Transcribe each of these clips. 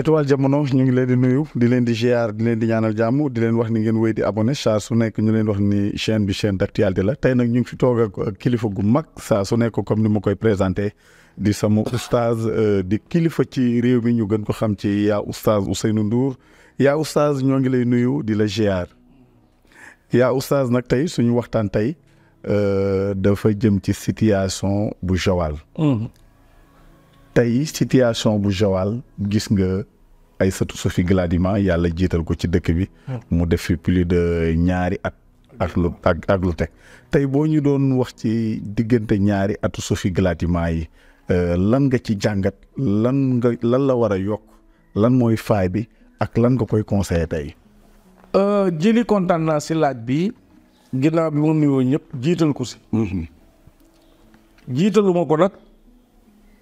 étoile jamono ñu ngi leen di nuyu di leen di ziar di leen di ñaanal jàmm di leen wax ni ngeen wéy di abonné saa su nekk ñu leen wax ni chaîne bi chaîne d'actualité la tey nag ñu ngi fi toog ak kilifa gu mag saa su nekk comme ni ma koy présenté di sama oustaz euh, di kilifa ci réew mi ñu gën ko xam ci yaa oustaz Ousseynou Ndour yaa oustaz ñoo ngi lay nuyu di la ziar yaa oustaz nag tey suñu waxtaan tey euh, dafa jëm ci situation bu Joal. Mm-hmm. tey situation bu Joal gis nga Aïssatou Sophie Gladima yàlla jiital ko ci dëkk bi. Hmm. mu def fi plus de ñaari at. ak lu ak lu teg tey boo ñu doon wax ci diggante ñaari atu Sophie Gladima yi euh, lan nga ci jàngat lan nga lan la war a yokk lan mooy faay bi ak lan nga koy conseillé tey. Euh, jëli kontaan naa si laaj bi ginnaaw bi mu nuyoo ñëpp jiital ko si. Mm-hmm. jiitaluma ko nag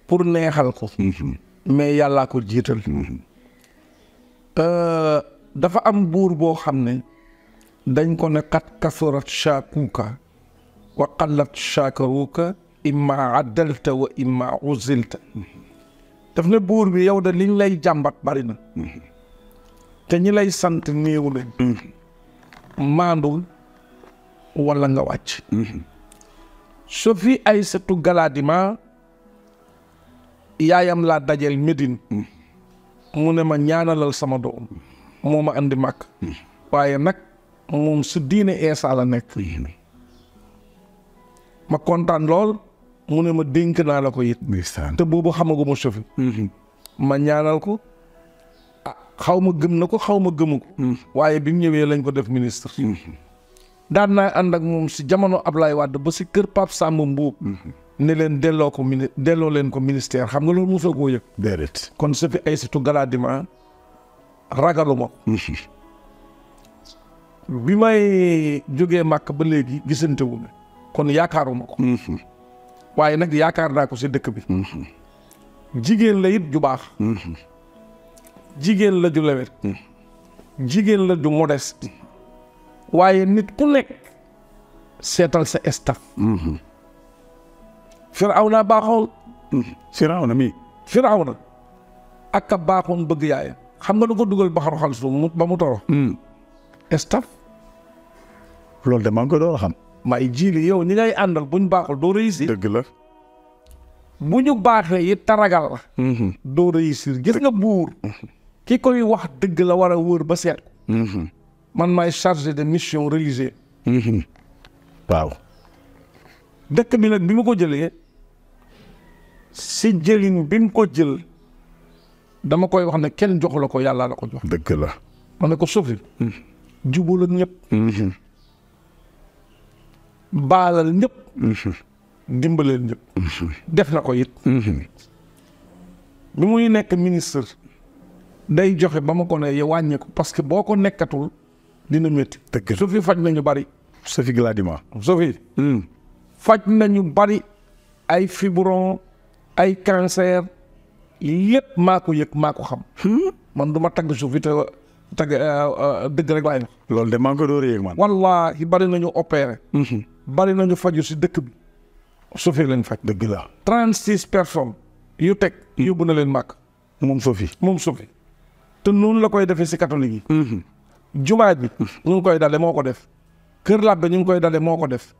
pour neexal ko. Mm-hmm. mais yàllaa ko jiital. Mm-hmm. Euh, dafa am buur boo xam ne dañ ko ne kat kasurat shaakuka wa qallat shaakaruka imma addalta wa imma uzilta daf ne buur bi yow de liñ lay jàmbat bari na te ñi lay sant néew lañ maandul wala nga wàcc so fi ay sëtu galaadima yaayam laa dajeel medin mu ne ma ñaanalal sama doom moo ma indi màkk waaye nag moom su diine eesa la nekk ma kontaan lool mu ne ma dénk naa la ko it te boobu xamaguma sofi mm-hmm. ma ñaanal ko ah xaw ma gëm na ko xaw ma gëmu ko mm-hmm. waaye bi mu ñëwee lañ ko def ministre mm-hmm. daan naa ànd ak moom si jamono Ablaye Wade ba si kër Pape sàmm Mbuub ne leen delloo ko mini delloo leen ko ministère xam nga loolu mosoo koo yëg. déedéet kon su fi Aïssatou Galadima ragaluma. Mhm. bi may jógee màkk ba léegi gisante kon yaakaaruma ko. Mhm. waaye nag yaakaar naa ko si dëkk bi. Mhm. jigéen la it ju baax. jigéen la ju lewet. jigéen la ju modeste. waaye nit ku nekk seetal sa staff. firawna baaxoon hmm. firawna mii firawna ak ka baaxoon bëgg yaayam xam nga nu ko dugal baxaru xalsu ba mu toro hmm. estaf loolu de maa ngi ko doon xam may jiili yow ñi ngay àndal buñ baaxul doo réussir dëgg la bu ñu baaxee yi taragal la hmm. doo réussir gis nga buur ki koy wax dëgg la war a wóor ba seet man maay chargé de mission réalisée waaw dëkk bi nag bi ma ko jëlee si jëlin bi mu ko jël dama koy wax ne kenn joxu la ko yàlla la ko jox. dëgg la. ma ne ko suufi. Hmm. jubal ak ñëpp. Hmm. baalal ñëpp. Hmm. dimbaleel ñëpp. def na ko it. bi muy nekk ministre. day joxe ba ma ko ne wàññeeku parce que boo ko nekkatul dina métti. dëgg la suufi faj nañu bari. suufi gladima. faj nañu bari ay fibron. ay cancer yëpp maako ko yëg maa ko xam. man duma tagg suuf bi te tagg euh, euh, dëgg rek laay wax. loolu de maa ngi ko door a yëg man. wallaahi bari nañu opéré. Mhm. bari ñu faju si dëkk bi. Sophie leen faj. dëgg la. trente six personnes. yu teg mhm. yóbbu na leen màkk. moom Sophie. moom Sophie. te noonu la koy defee si catholique yi. Mhm. jumaa ji. ñu ngi koy dale moo ko def. Kër Labbe ñu ngi koy dale moo ko def.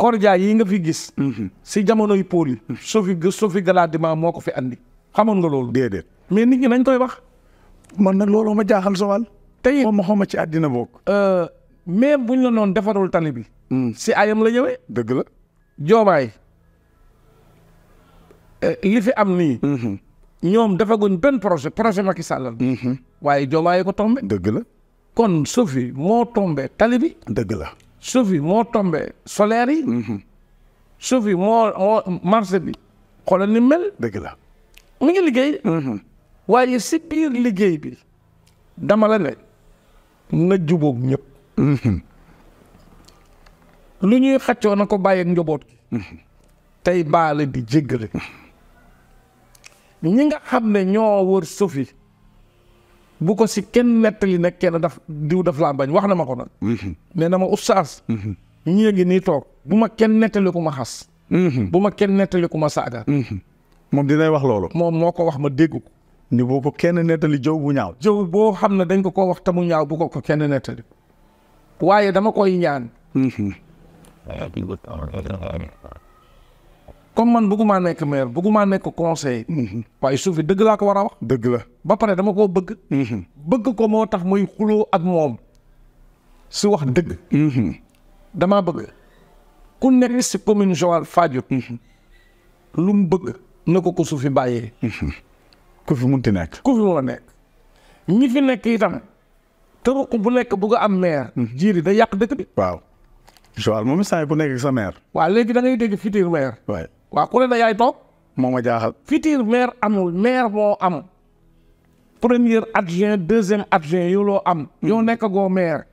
kordia yi nga fi gis. Mhm. si jamonoy pool yi. Sophie mhm. Sophie Galaadima moo ko fi andi. xamoon nga loolu. déedéet mais nit ñi nañ koy wax. man na loolu ma jaaxal sa wàll. tey moom ma xaw ma ci àddina bokk. Euh, mais buñ la noon defarul tali bi. Mhm. si ayam la dëgg la. joobaay euh, li fi am nii. ñoom defaguñ benn projet projet Macky Sall la. waaye joobaay ko tombé. dëgg la kon Sophie moo tombé tali bi. dëgg la. chauffes moo tombé solaire yi. chauffes mhm. moo moo bi. xoolal ni mel. dëgg la mu ngi liggéey. Mhm. waaye si biir liggéey bi dama la ne na jubóog ñëpp. Mhm. lu ñuy xaccoo na ko bàyyi ak njaboot gi. tey baale di jéggale. ñi nga xam ne ñoo wër suuf bu ko si kenn nettali nag kenn daf diw daf laa bañ wax na ma ko nag. nee na ma oustaz. ñii ngi nii toog bu ma kenn nettali ku ma xas. bu ma kenn nettali ku ma saaga. moom dinay wax loolu. moom moo ko wax ma dégg ko. ni boo ko kenn nettali jëw bu ñaaw. jëw boo xam ne dañ ko koo wax tamu ñaaw bu ko ko kenn nettali. waaye dama koy ñaan. comme man maa nekk maire maa nekk conseil mhm. waaye suuf yi dëgg laa ko war a wax dëgg la ba pare dama koo bëgg mhm. bëgg ko moo tax muy xuloo ak moom si wax dëgg mhm. damaa bëgg ku nekk si commune Joal Fadiouth lu mu bëgg na ko ko suuf yi bàyyee ku fi munti nekk ku fi mun nekk ñi fi nekk itam te ruq bu nekk bugg am maire jiiri da yàq dëkk bi waaw Joal moom saa bu nekk sa waa waaw léegi da ngay dégg futur maire waaw ku da yaay toog. moo ma jaaxal. futur maire amul maire boo am. premier adjoint deuxième adjoint yow loo am. Hmm. yoo nekk goo maire.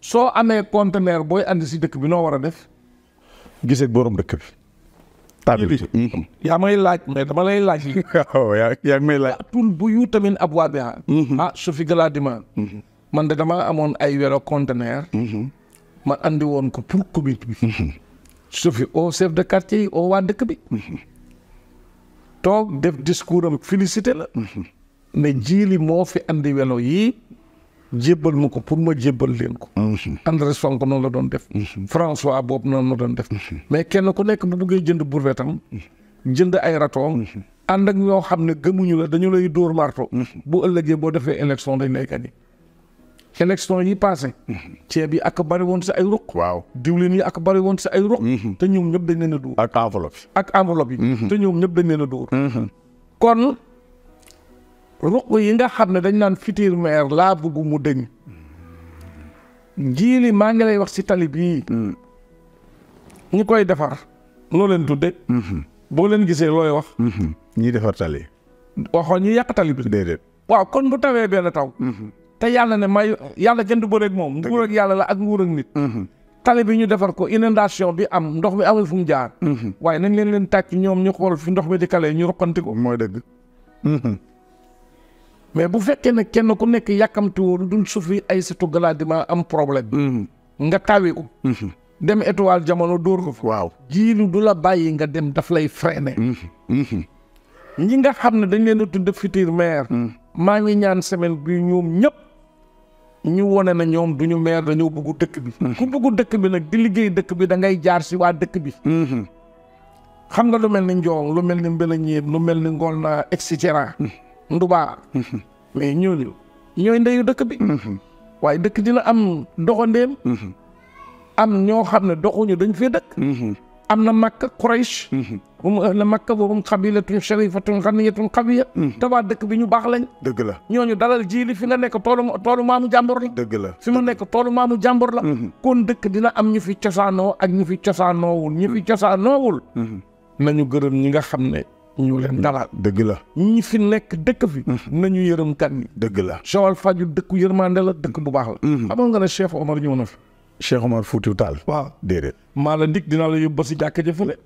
soo amee conteneur booy andi si dëkk bi noo war a def. gisee borom dëkk bi. taabil hmm. yaa may laaj mais dama lay laaj. waaw yaa yaa may laaj. tul bu yu tamit ab waa bi hmm. ah su fi gëlaa dima man de dama amoon ay welo conteneur. ma andi woon ko pour commune su au oh, chef de quartier yi au oh, waa dëkk bi mhm. toog def discours am félicité la mhm. ne jiili moo fi andi welo yii jébbal ma ko pour ma jébbal leen ko mhm. andré Franco noonu la doon def François boobu noonu la doon def mais kenn ku nekk bu buggee jënd burwetam jënd ay rato ànd ak ñoo xam ne gëmuñu la dañu lay dóor marto bu ëllëgee boo defee élection dañ lay gagné élection yi passé ceeb yi ak bari woon si ay ruq waaw diwlin yi ak bari woon si ay ruq mhm. te ñoom ñëpp dañ leen a ak enveloppe yi ak enveloppe yi mhm. te ñoom ñëpp dañ leen a mhm. kon ruq yi nga xam ne dañ naan futur maire laa bëgg mu dëñ njiili maa ngi lay wax si tali bii ñu koy defar loo leen tudde boo leen gisee looy wax ñuy defar tali waxoo ñu yàq tali bi déedéet waaw kon bu tawee benn taw te yàlla ne may yàlla kenn du bëreeg moom. nguur ak yàlla la ak nguur ak nit. Mm-hmm. tali bi ñu defar ko inondation bi am ndox mi amul fu mu jaar. Mm-hmm. waaye nañ leen leen tàcc ñoom ñu xool fi ndox mi di kale ñu roqanti ko. mooy dëgg. Mm-hmm. mais bu fekkee ne kenn ku nekk yàkkamtiwul dul suufi ay surtout galaadima am problème. nga tawi ko. dem étoile jamono dóor ko fa. waaw jiilu du la bàyyi nga dem daf lay freiné. ñi nga xam ne dañ leen a tudd futur maire. maa ngi ñaan semaine bi ñoom ñu wone na ñoom du ñu meer dañoo bëggu dëkk bi mm-hmm. ku bëggu dëkk bi nag di liggéey dëkk bi da ngay jaar si waa dëkk bi mm-hmm. xam nga lu mel ni njoong lu mel ni mbela ñéen lu mel ni ngool na et cetera mm-hmm. ndubaa mais ñooñu ñooy ndeyu dëkk bi waaye dëkk dina am doxandéem am ñoo xam ne doxuñu dañ fee dëkk am na na makka Quraysh. Mhm. hum ahla eh, makka wa hum qabilatun sharifatun ghaniyatun mhm. te tabaa dëkk bi ñu baax lañ. dëgg la ñooñu dalal jii li fi nga nekk toolu toolu maamu jàmbur la. dëgg la fi mu nekk toolu maamu jàmbur la. Mhm. kon dëkk dina am ñu fi cosaanoo ak ñu fi cosaanoowul ñu fi na ñu gërëm ñi nga xam ne. ñu leen dalal dëgg la ñu fi nekk dëkk fi nañu yërëm kan ni dëgg la Joal Fadiouth dëkku yërmande la dëkk bu baax la xamoon nga ne Cheikh Omar ñëw na fi Cheikh Omar Foutiou Tall. waaw déedéet. maa dinaa la yóbbu ba si jàkka ja fële.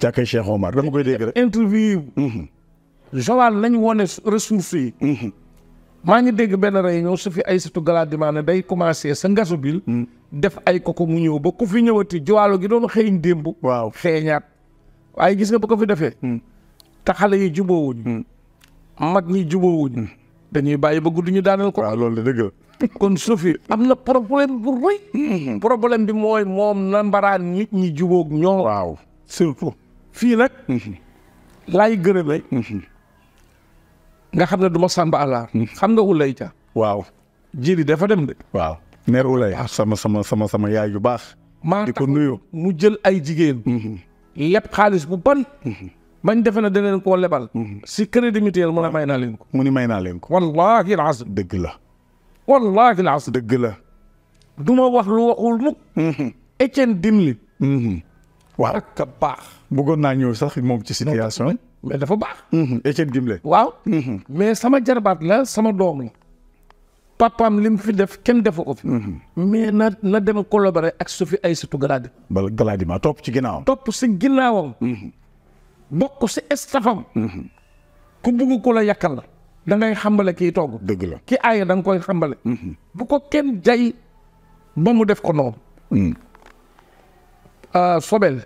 jàkka Cheikh Omar dama koy dégg rek. interview yi. Mhm. Joal wone ressources yi. Mhm. maa ngi dégg benn réunion su fi Aïssatou Galadima ne day commencé sa ngaso bil mhm. def ay koko mu ñëw ba ku fi ñëwati jowaalo gi doon xëeñ démb waaw xeeñaat waaye gis nga ba ko fi defee te xale yi jubóowuñ mag ñi jubóowuñ dañuy bàyyi ba guddi ñu daaneel ko. waaw loolu la dëgg la. kon Sophie am na problème bu rëy. Hmm, problème bi mooy moom na mbaraan nit ñi jubóog ñoom. waaw surtout. fii nag. Hmm. laay gërëme. Hmm. nga xam ne du ma sàmba alaar. xam nga ca. waaw jiri dafa dem de. waaw ner ulay. Ah, sama sama sama sama yaay yu baax. maa tax di nuyu mu jël ay jigéen. lépp xaalis bu ban. bañ defe na da ngeen koo lebal. si crédit mutuel mu ne may naa leen ko. mu ni may naa leen ko. wallahi al laas. dëgg la. wallahi al laas. dëgg la. du ma wax lu waxul mukk. Étienne Dimli. waaw ak baax. bëggoon naa ñëw sax moom ci situation. mais dafa baax. Étienne Dimli. waaw. mais sama jarbaat la sama doom la. papaam li mu fi def kenn defu ko fi. mais na na dem collaborer ak Sophie Aïssatou Gladi. bala Gladi ma topp ci ginnaawam. topp si ginnaawam. bokku se estafam ku bugu yakala, la yakal da ngay xambalé ki togg deug la ki ay da nga koy mhm. bu ko kenn jay ba mu def ko mm. ah Sobel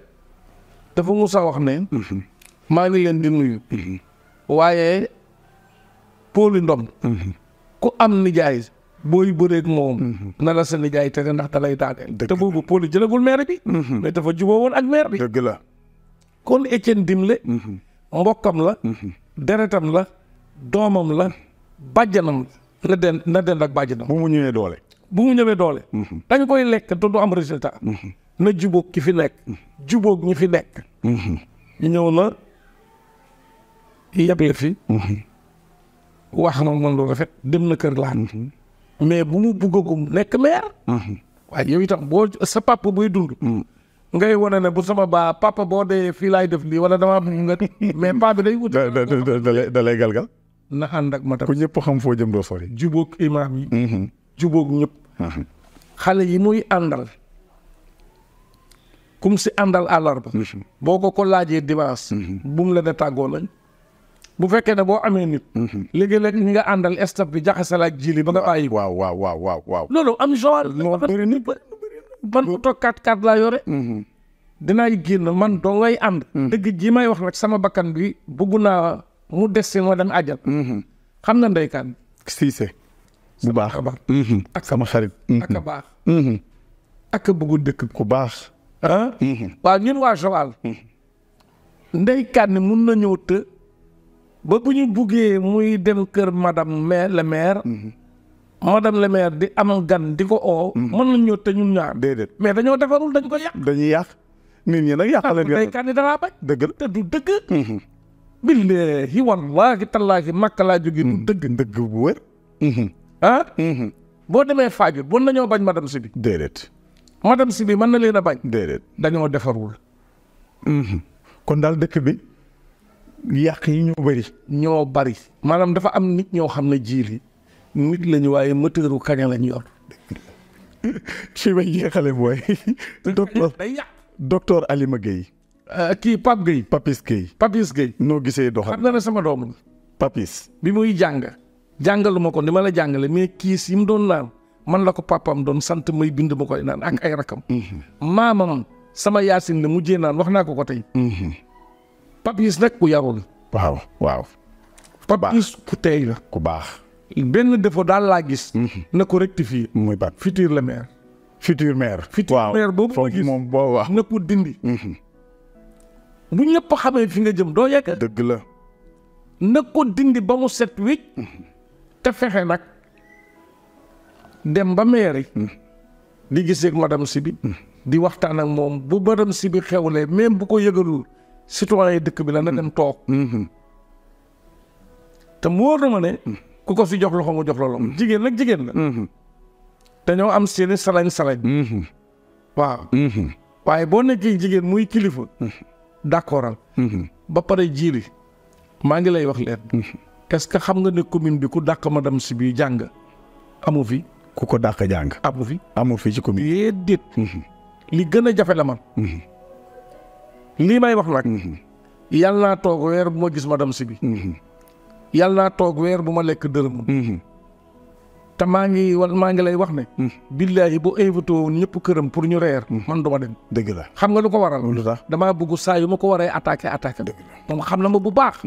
fu musa wax ne mhm. ma ngi len di nuyu mhm. waye Poli Ndom ku am boy beure ak mom na la sa jay tere ndax da lay te bobu Poli jëlagul maire bi mais dafa ak maire bi deug la kon Étienne Dimle mhm. mbokkam la mhm. deretam la doomam la bàjjanam la den na den ak bàjjanam bu mu ñëwee doole bu mu ñëwee doole mhm. dañ koy lekk te du am résultat na jubóog ki fi nekk jubóog ñi fi nekk ñu ñëw na yeble fi wax na man lu rafet dem na kër laan mais bu mu mu nekk maire waaye yow itam boo sa papa buy dund ngay wane ne bu sama baa papa boo dee fii laay def lii wala damaa nga mais paa bi day wut. da da da da lay galgal. na ànd ak matam ku ñëpp xam foo jëm doo sori. jubóog imaam yi. Mm-hmm. jubóog ñëpp. Mm-hmm. xale yi muy àndal. kum si àndal àllarba. Mm-hmm. boo ko ko laajee dimanche. bu mu la ne tàggoo lañ. bu fekkee ne boo amee nit. léegi-léeg ñi nga àndal staf bi jaxasal ak jili ba nga bàyyi. waaw waaw waaw waaw. loolu am genre. moo bëri nit ban auto 4x4 yoré yore mhm. dinaay genn man do ngay and mhm. deug ji may wax nak sama bakkan bi bugg naa mu des si ma dem àjjal mhm. xam kan ndeykaan siise bu baax ak sama xarit ak baax ak bugu dëkk ku baax ah waaw ñun waa Joal kan ni mun na ñew te ba buñu buggé muy dem kër madame mais le maire madame le maire di amal gan di ko oo mm-hmm. mën nañ te ñun ñaar dedet mais dañu defarul dañ ko yàq dañuy yàq nit ñi nak yàqal leen tey candidat laa bañ dëgg te du dëgg mm-hmm. billahi wallahi tallahi makka laa du mm-hmm. deug dëgg bu hmm ah bo demee faaju bu nañu bañ madame sibi dedet madame sibi bi mën na leena bañ dedet dañu defarul kon dal dekk bi yàq yi ñu bari ñoo bari manam dafa am nit ñoo xamne ne nit lañu waaye moteuru kaña lañ yor. ci may jeexale mooy. docteur docteur Alima Gueye. Euh, kii Pape Gueye. Papis Gueye. Papis Gueye. noo gisee doxal. xam na ne sama doom la. Papis. bi muy jàng. jàngalu ma ko ni ma la jàngale mais kiis yi mu doon naan man la ko pappam doon sant may bind ma koy naan ak ay rakam. Mm-hmm. maamam sama yaasin la mujjee naan wax naa ko ko tey. Mm-hmm. Papis nag ku yarul. waaw waaw. Papis ku tey la ku baax. benn defoo daal laa gis. Mhm. na ko rectifier. muy ban futur le maire. futur maire. waaw futur boobu ma gis moom boo wax na ko dindi. Mhm. bu ñëpp xamee fi nga jëm doo yegg. dëgg la. na ko dindi ba mu set wécc. Mhm. te fexe nag dem ba maire yi. di gisee ak madame bi di waxtaan ak moom bu madame Sibi xewlee même bu ko yëgalul citoyen dëkk bi la na dem toog. te mu wóor na ma ne. ku ko si jox loxo mu jox loolu mm-hmm. jigéen nag jigéen la mm-hmm. dañoo am seeni salañ salañ mm-hmm. waaw waaye boo nekkee jigéen muy kilifa d'accordal ba pare jiiri maa ngi lay wax leen est-ce que xam nga ne commune bi ku dàq madame si bii jàng amu fi ku ko dàq jàng amu fi amu fi ci commune yée déet li gën a jafe la man lii may wax nag yàlla toog weer bu ma gis ma si bi yàlla naa toog weer bu ma lekk dërëm. Mm-hmm. te maa ngi wa maa ngi lay wax ne. Mm-hmm. billaahi bu invité woon ñëpp këram pour ñu reer. Mm-hmm. man du dem. dëgg la xam nga lu ko war a lu sax damaa bëgg saa yu ma ko waree attaqué attaqué. dëgg la xam na ma bu baax.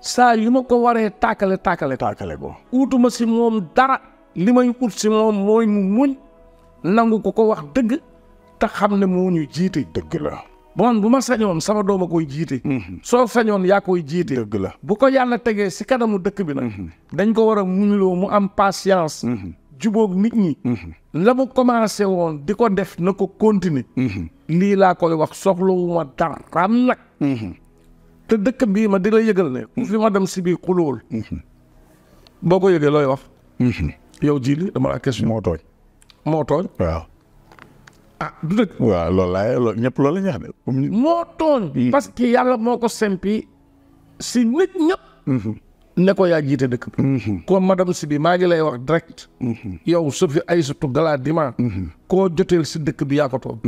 saa yu ma ko waree taakale taakale. taakale ko uutuma si moom dara. li may ut si moom mooy mu muñ nangu ko ko wax dëgg te xam ne moo ñu jiite dëgg la. bon bu ma sañoon sama doom a koy jiite. Mhm. soo sañoon yaa koy jiite. dëgg la bu ko yàlla tegee si kanamu dëkk bi nag. Mhm. dañ ko war a muñuloo mu am patience. Mhm. jubóog nit ñi. la mu commencé woon di ko def na ko continuer. lii laa koy wax soxlawuma dara am nag. te dëkk bii ma di la yëgal ne. fi ma dem si biir xulóol. boo ko yëgee looy wax. yow jii li dama la question. moo tooñ. moo tooñ ah du dëgg. waaw loolu laay loolu ñëpp loolu la ñuy xam ne. moo tooñ. parce que yàlla moo ko sempi si nit ñëpp. Mhm. ne ko yaa jiite dëkk bi. Mhm. kon madame si bi maa ngi lay wax direct. Mhm. yow Sophie Aïssatou Galadima. ko joteel si dëkk bi yaa ko toog.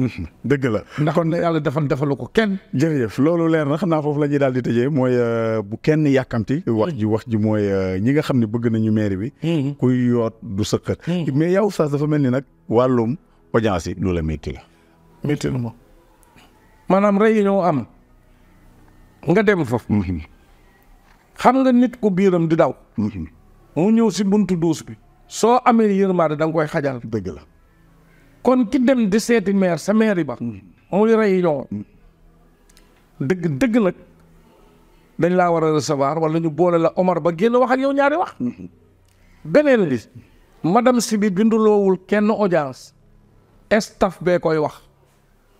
dëgg la ndax kon yàlla defal defalu ko kenn. jërëjëf loolu leer na xam naa foofu la ñuy daal di tëjee mooy euh, bu kenn yàkkamti. wax ji wax ji mooy euh, ñi nga xam ne bëgg nañu mairie bi. kuy yoot du sëqat. mais yow sa dafa mel ni nag wàllum. audience yi lu la métti la. métti na ma. maanaam réunion am nga dem foofu. Mm xam nga nit ku biiram di daw. Mm mu ñëw si buntu duus bi. soo amee yërmaande da nga koy xajal. dëgg la kon ki dem di seeti maire sa maire ba. Mm. muy réunion. dëgg dëgg nag dañ laa war a recevoir wala ñu boole la Omar ba génn wax ak yow ñaari wax. beneen li madame si bi binduloowul kenn audience. staff bee koy wax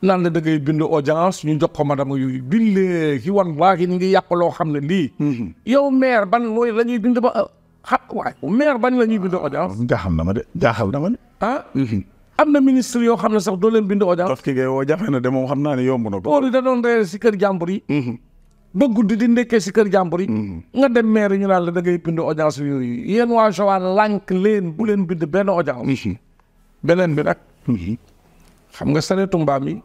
naan la da ngay bind audience ñu jox ko madame yooyu bindee ki wan waa ki ñu ngi yàq loo xam ne lii. Mhm. yow maire ban mooy la ñuy bind ba ah, xa waaye maire ban la ñuy bind audience. jaaxal na ma de jaaxal na ma de. Ah? Mhm. am na ministre yoo xam ne sax doo leen bind audience. parce que woo na de moom xam naa ne yomb na ko. da doon reer si kër jàmbur yi. Mhm. ba guddi di ndekkee si kër jàmbur yi. nga dem maire ñu naan la da ngay bind audience yooyu yéen waa Joal lànk leen bu leen bind benn audience. beneen bi xam nga sareetu mbaam yi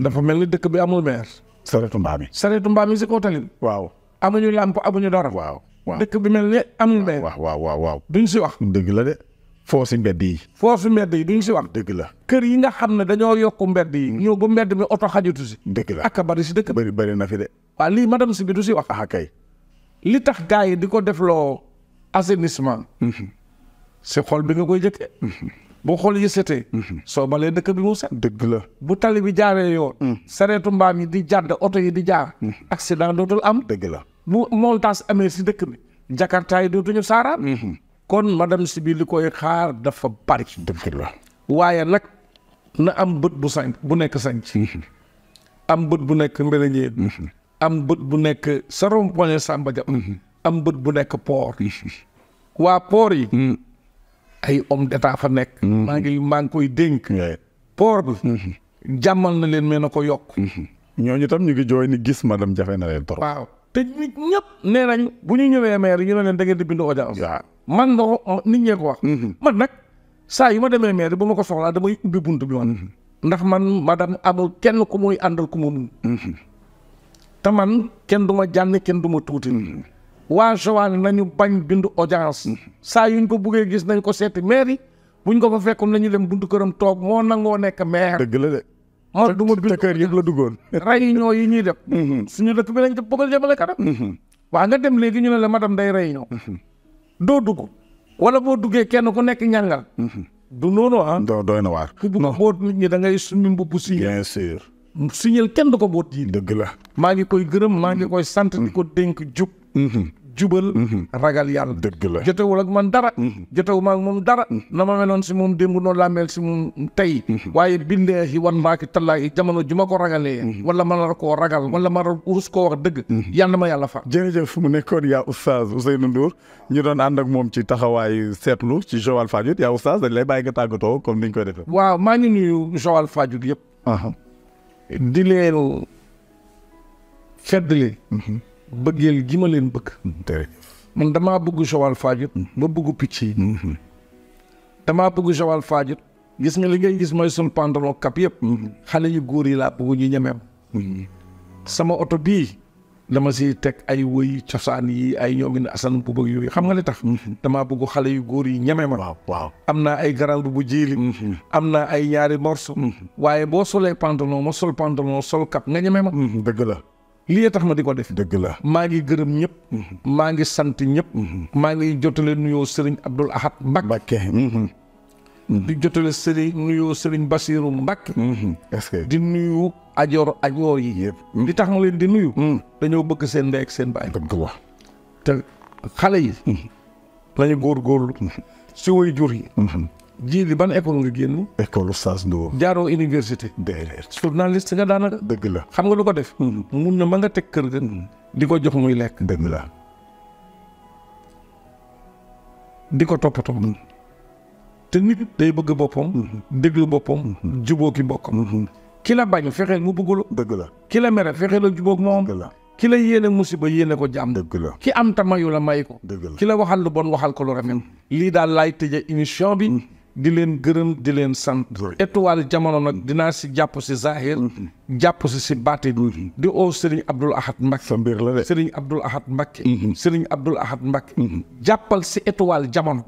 dafa mel ni dëkk bi amul maire. sareetu mbaam yi. sareetu mbaam yi si kaw tali. waaw amuñu làmp amuñu dara. waaw waaw dëkk bi mel ni amul maire. waaw waaw waaw waaw. duñ si wax. dëgg la de. foosi mbedd yi. foosi mbedd yi duñ si wax. dëgg la kër yi nga xam ne dañoo yokku mbedd yi. Mm. ñëw ba mbedd mi oto xajutu si. dëgg la ak bari si dëkk bari bari na fi de. waaw lii madame si bidu du si wax. ah kay. li tax gars yi di ko defloo assainissement. Mm-hmm. si xol bi nga koy jëkkee. Mm-hmm. boo xool yi setee mhm. soo balee dëkk bi mu set dëgg la bu tali bi jaaree yoon mm. sareetu mbaam yi di jàdd oto yi di jaar mm. accident dootul am dëgg la bu montage amee si dëkk bi jakarta yi dootuñu saaraan mhm. kon madame si biir li koy xaar dafa bari dëgg la waaye nag na am bët bu sañ bu nekk sañ mhm. am bët bu nekk mbélañeen am bët bu nekk sarom poñe sàmba jam am bët bu nekk poor waa poor yi mm. ay homme d'état fa nekk. Mm-hmm. maa ngi maa ngi koy dénk. port bi. Mm-hmm. jàmmal na leen mais na ko yokk. Mm-hmm. ñooñu tam ñu ngi jooy ni gis madame jafe na leen trop. waaw te nit ñëpp nee nañ bu ñu ñëwee maire ñu ne leen da ngeen di bind audience. waaw man noo nit ñee ko wax. man nag saa yu ma demee maire bu ma ko soxlaa damay ubbi bunt bi man. ndax man madame amul kenn ku muy àndal ku ma mun. te man kenn du ma jànn kenn du ma tuuti. waa Joal nañu bañ bindu audience mm-hmm. sa yuñ ko bëggé gis nañ ko seeti mairie buñ ko fa fekkum nañu dem buntu këram toog moo nangoo nek maire deug la dé moo duma ma bind kër yëp la duggoon rey ñoo yi ñi def mm-hmm. suñu dëkk bi lañ ci bëggal jëmale kara mm-hmm. wa nga dem légui ñu la madam day rey ñoo doo dugg wala bo duggé kenn ku nek ñangal du nono ha ah. do doy na waar ku bëgg boot nit ñi da ngay suñu mbubb si bien sûr signal kenn du ko boot yi deug la ma ngi koy gërëm ma ngi koy sante di ko dénk jub Mm-hmm. jubal mm-hmm. ragal yàlla dëgg la jotewul ak man dara mm-hmm. jotewu ma ak moom dara na ma meloon si moom démb noonu laa mel si moom tey waaye billaahi wan maaki tallaahi jamono ju ma ko ragalee wala ma nar koo ragal wala ma rus koo wax dëgg yàlla ma yàlla fa jërëjëf mu nekkoon yaa oustaz Ousseynou Ndour ñu doon ànd ak moom ci taxawaay seetlu ci Joal Fadiouth yaa oustaz dañ lay bàyyi nga tàggatoo comme niñ koy defee waaw maa ngi nuyu Joal Fadiouth yëpp di leen bëggeel gi ma leen bëgg. man damaa bëgg Joal Fadiouth. ma bëgg picc yi. damaa bëgg Joal Fadiouth. gis nga li ngay gis mooy sun pantalon kap yëpp. xale yu góor yi laa bëgg ñu ñemeem. sama oto bii. dama si teg ay wëy cosaan yi ay ñoom asan bu bëgg yooyu xam nga li tax. dama bëgg xale yu góor yi ñeme ma. waaw waaw am ay garand bu jiili. am naa ay ñaari morso. waaye boo solee pantalon ma sol pantalon sol kap nga ñeme ma. dëgg la. lii tax ma di ko def. dëgg la maa ngi gërëm ñëpp. Mm-hmm. maa ngi sant ñëpp. Mm-hmm. maa ngi jotale nuyoo sëriñ Abdoul Ahad Mbacké. Mm-hmm. di jotale Serigne nuyoo Serigne Bassirou Mbacké. di nuyu ajoor ajoor yi. yëpp di tax ma leen di nuyu. dañoo bëgg seen ndey ak seen baay. dëgg la te xale yi. lañu góorgóorlu. si way jur yi. ji li ban école nga génn. école Oustaz Ndour. jaaroo université. déedéet journaliste nga daanaka. dëgg la xam nga lu ko def. Hmm. mun na ma nga teg kër ga. di ko jox muy lekk. dëgg la. di ko toppatoo. Hmm. te nit day bëgg boppam. Hmm. déglu boppam. juboo ki mbokkam. ki la bañ fexeel mu bëggul. dëgg la ki la mere fexeel la moom. la ki la yéene musiba yéene ko jàmm. dëgg ki am ta mayu la may ko. dëgg la ki la waxal lu bon waxal ko lu rafet. lii daal laay tëjee émission bi. di leen gërëm di leen sant étoile jamono nag dinaa si jàpp si zahir jàpp si si baati di oo Serigne Abdoul Ahad Mbacké sa mbir la de Serigne Abdoul Ahad Mbacké mhm. Serigne mhm. jàppal si étoile jamono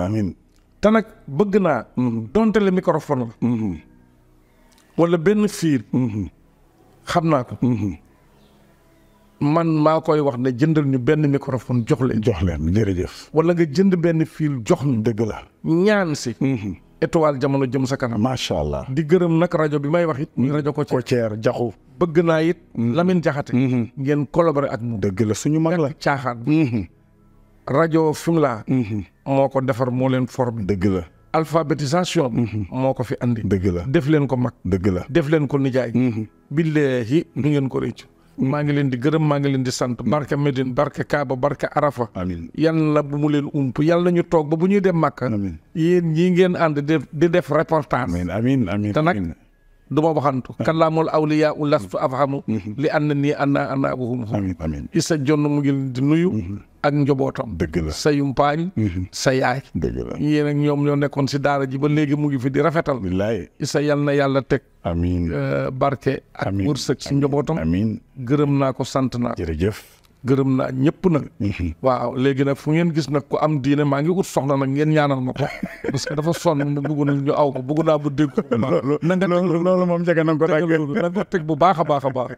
te nag bëgg naa mhm. donte le microphone la wala benn fiir xam naa ko man maa koy wax ne jëndal ñu benn microphone jox leen jox leen jërëjëf wala nga jënd benn fiir jox ñu dëgg la ñaan si étoile jamono jëm sa kanam. macha allah di gërëm nag rajo bi may wax it. muy rajo ko Kotier jaxu bëgg naa it. Mm-hmm. Lamine Jaxate mm-hmm. ngeen collaborer ak moom. dëgg la suñu mag la caaxaan. Mm-hmm. rajo Fimela. moo ko defar moo leen formé. dëgg la alphabétisation. moo ko fi andi. dëgg la def leen ko mag. dëgg la def leen ko nijaay. billaahi du ngeen ko rëcc. maa ngi leen di gërëm maa ngi leen di sant barke Medine barke Kaaba barke Arafa amiin yàlla bu mu leen ump yàlla ñu toog ba bu ñuy dem Màkka yéen ñii ngeen ànd di di def reportage amiin amiin amiin te nag du ma waxantu kalaamul awliyaa u lastu afhamu mhm. li na nii anna ana abuhum amiin amiin sa jonn mu ngi leen di nuyu mhm. ak njobootam dëgg la sa yumpaañ mhm. sa yaay dëgg la yéen ak ñoom ñoo nekkoon si daara ji ba léegi mu ngi fi di rafetal bilaay isa yal na yàlla teg amiin euh, barke ak wërsëg si njobootam amiin gërëm naa ko sant naa jërëjëf gërëm naa ñëpp nag mhm. waaw léegi nag fu ngeen gis nag ko am diine maa ngi ut soxna nag ngeen ñaanal ma ko parce dafa sonn na bugg na ñu aw ko bugg naa bu dégg na nga loolu moom jege na nga ko teg bu baax a baax a baax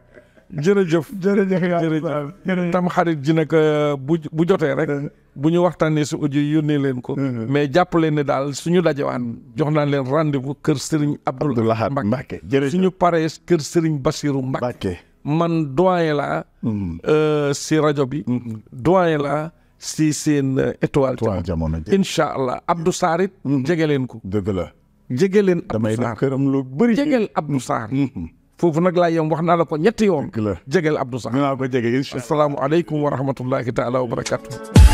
jërëjëf jërëjëf ya jërëjëf tam xarit ji nag euh, bu bu jotee rek eh. bu ñu waxtaanee si audio yónnee leen ko eh. mais jàpp leen ne daal suñu dajewaan jox naan leen rendez-vous kër Serigne Abdou Lahad Mbacké suñu paree kër Serigne Bassirou Mbacké man doyen laa hmm. euh, si rajo bi hmm. doyen laa si seen euh, étoile jamono incha allah Abdou Sarr it hmm. jege leen ko dëgg la jege leen Abdou Sarr damay këram lu bëri jegeel Abdou Sarr foofu nag laa yem wax naa la ko ñetti yoon. jegeel Abdou Sakho. dinaa ko jege incha allah asalaamualeykum wa rahmatullahi taala wa barakaatu.